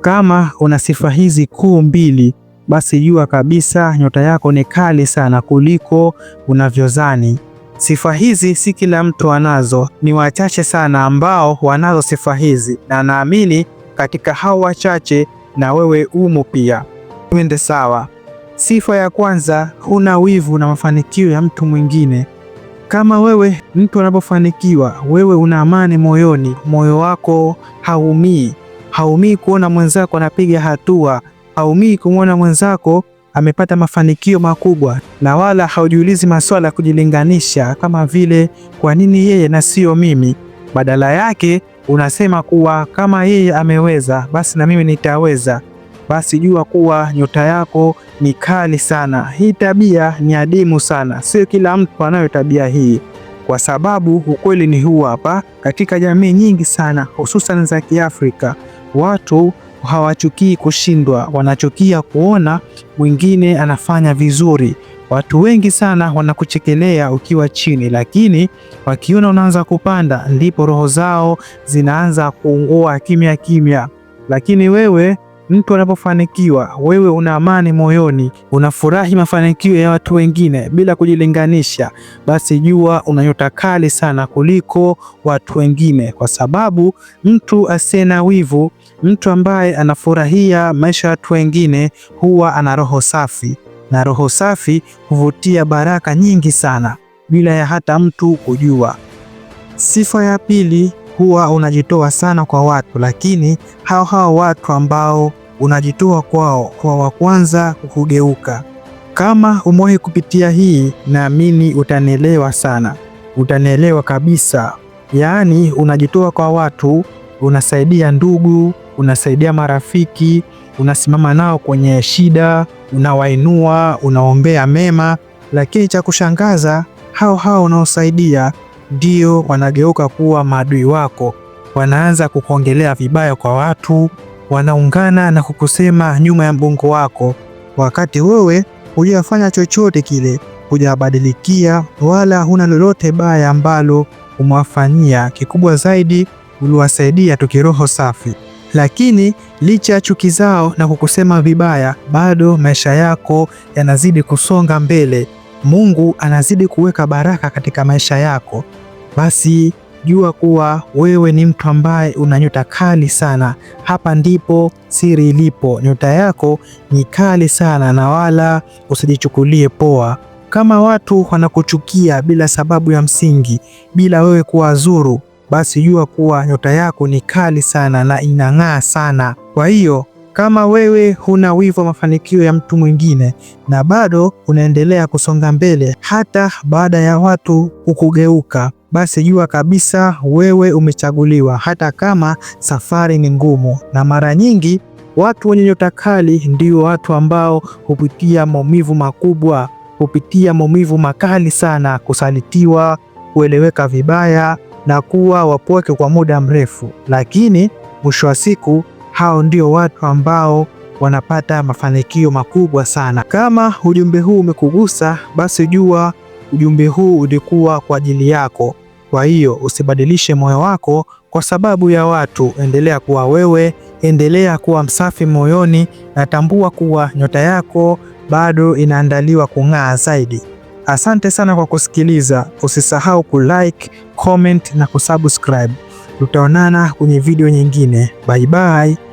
Kama una sifa hizi kuu mbili, basi jua kabisa nyota yako ni kali sana kuliko unavyozani Sifa hizi si kila mtu anazo, ni wachache sana ambao wanazo sifa hizi, na naamini katika hao wachache na wewe umo pia. Twende sawa. Sifa ya kwanza, huna wivu na mafanikio ya mtu mwingine. Kama wewe mtu anapofanikiwa, wewe una amani moyoni, moyo wako haumii haumii kuona mwenzako anapiga hatua, haumii kumwona mwenzako amepata mafanikio makubwa, na wala haujiulizi maswala ya kujilinganisha, kama vile kwa nini yeye na sio mimi. Badala yake unasema kuwa kama yeye ameweza, basi na mimi nitaweza. Basi jua kuwa nyota yako ni kali sana. Hii tabia ni adimu sana, sio kila mtu anayo tabia hii, kwa sababu ukweli ni huu hapa. Katika jamii nyingi sana, hususan za Kiafrika, Watu hawachukii kushindwa, wanachukia kuona mwingine anafanya vizuri. Watu wengi sana wanakuchekelea ukiwa chini, lakini wakiona unaanza kupanda, ndipo roho zao zinaanza kuungua kimya kimya. Lakini wewe mtu anapofanikiwa, wewe una amani moyoni, unafurahi mafanikio ya watu wengine bila kujilinganisha, basi jua una nyota kali sana kuliko watu wengine, kwa sababu mtu asiye na wivu Mtu ambaye anafurahia maisha ya watu wengine huwa ana roho safi, na roho safi huvutia baraka nyingi sana bila ya hata mtu kujua. Sifa ya pili, huwa unajitoa sana kwa watu, lakini hao hao watu ambao unajitoa kwao kwa wa kwanza kukugeuka. Kama umewahi kupitia hii, naamini utanielewa sana, utanielewa kabisa. Yaani unajitoa kwa watu, unasaidia ndugu, unasaidia marafiki, unasimama nao kwenye shida, unawainua, unaombea mema. Lakini cha kushangaza, hao hao unaosaidia ndio wanageuka kuwa maadui wako, wanaanza kukuongelea vibaya kwa watu, wanaungana na kukusema nyuma ya mgongo wako, wakati wewe hujafanya chochote kile, hujabadilikia wala huna lolote baya ambalo umewafanyia. Kikubwa zaidi uliwasaidia tu kiroho safi lakini licha ya chuki zao na kukusema vibaya, bado maisha yako yanazidi kusonga mbele. Mungu anazidi kuweka baraka katika maisha yako. Basi jua kuwa wewe ni mtu ambaye una nyota kali sana. Hapa ndipo siri ilipo, nyota yako ni kali sana, na wala usijichukulie poa kama watu wanakuchukia bila sababu ya msingi, bila wewe kuwazuru basi jua kuwa nyota yako ni kali sana na inang'aa sana. Kwa hiyo kama wewe huna wivu wa mafanikio ya mtu mwingine na bado unaendelea kusonga mbele hata baada ya watu kukugeuka, basi jua kabisa wewe umechaguliwa, hata kama safari ni ngumu. Na mara nyingi watu wenye nyota kali ndio watu ambao hupitia maumivu makubwa, hupitia maumivu makali sana, kusalitiwa, kueleweka vibaya na kuwa wapweke kwa muda mrefu, lakini mwisho wa siku hao ndio watu ambao wanapata mafanikio makubwa sana. Kama ujumbe huu umekugusa, basi jua ujumbe huu ulikuwa kwa ajili yako. Kwa hiyo usibadilishe moyo wako kwa sababu ya watu. Endelea kuwa wewe, endelea kuwa msafi moyoni, na tambua kuwa nyota yako bado inaandaliwa kung'aa zaidi. Asante sana kwa kusikiliza. Usisahau kulike, comment na kusubscribe. Tutaonana kwenye video nyingine. Bye bye.